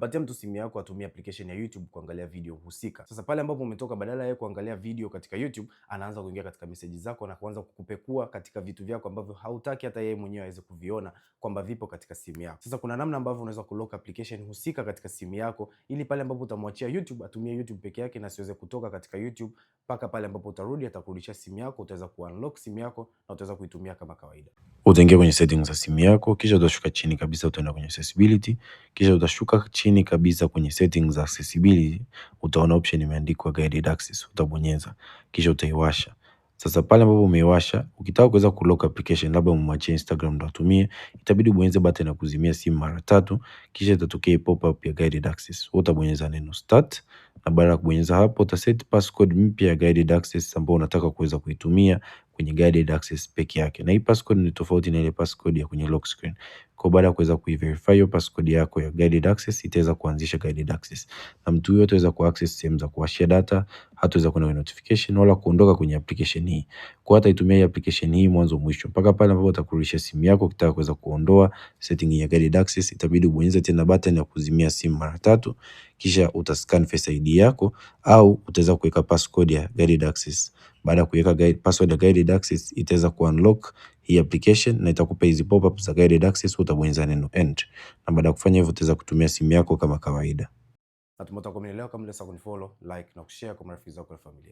unampatia mtu simu yako atumie application ya YouTube kuangalia video husika. Sasa pale ambapo umetoka, badala yeye kuangalia video katika YouTube, anaanza kuingia katika meseji zako na kuanza kukupekua katika vitu vyako ambavyo hautaki hata yeye mwenyewe aweze kuviona kwamba vipo katika simu yako. Sasa kuna namna ambavyo unaweza kulock application husika katika simu yako, ili pale ambapo utamwachia YouTube atumie YouTube peke yake na siweze kutoka katika YouTube mpaka pale ambapo utarudi, atakurudisha simu yako, utaweza kuunlock simu yako na utaweza kuitumia kama kawaida. Utaingia kwenye settings za simu yako, kisha utashuka chini kabisa, utaenda kwenye accessibility, kisha utashuka chini chini kabisa kwenye settings za accessibility utaona option imeandikwa guided access, utabonyeza kisha utaiwasha. Sasa pale ambapo umeiwasha, ukitaka kuweza kulock application, labda umwachie Instagram ndo atumie, itabidi ubonyeze button ya kuzimia simu mara tatu, kisha itatokea pop up ya guided access. Wewe utabonyeza neno start, na baada ya kubonyeza hapo uta set passcode mpya ya guided access ambayo unataka kuweza kuitumia kwenye guided access peke yake, na hii passcode ni tofauti na ile passcode ya kwenye lock screen. Kwa baada ya kuweza kuiverify hiyo passcode yako ya guided access, itaweza kuanzisha guided access, na mtu huyo ataweza kuaccess sehemu za kuwashia data, hataweza kuona notification wala kuondoka kwenye application hii. Kwa hata itumia hii application hii mwanzo mwisho mpaka pale ambapo utakurudishia simu yako ukitaka kuweza kuondoa setting ya guided access, itabidi ubonyeze tena button ya kuzimia simu mara tatu, kisha utascan Face ID yako au utaweza kuweka passcode ya guided access. Baada ya kuweka password ya guided access itaweza kuunlock hii application na itakupa hizi pop up za guided access, utabonyeza neno end, na baada ya kufanya hivyo utaweza kutumia simu yako kama kawaida. Natumai utakuwa umenielewa. Kama leo, kunifollow, like na kushare kwa marafiki zako na familia.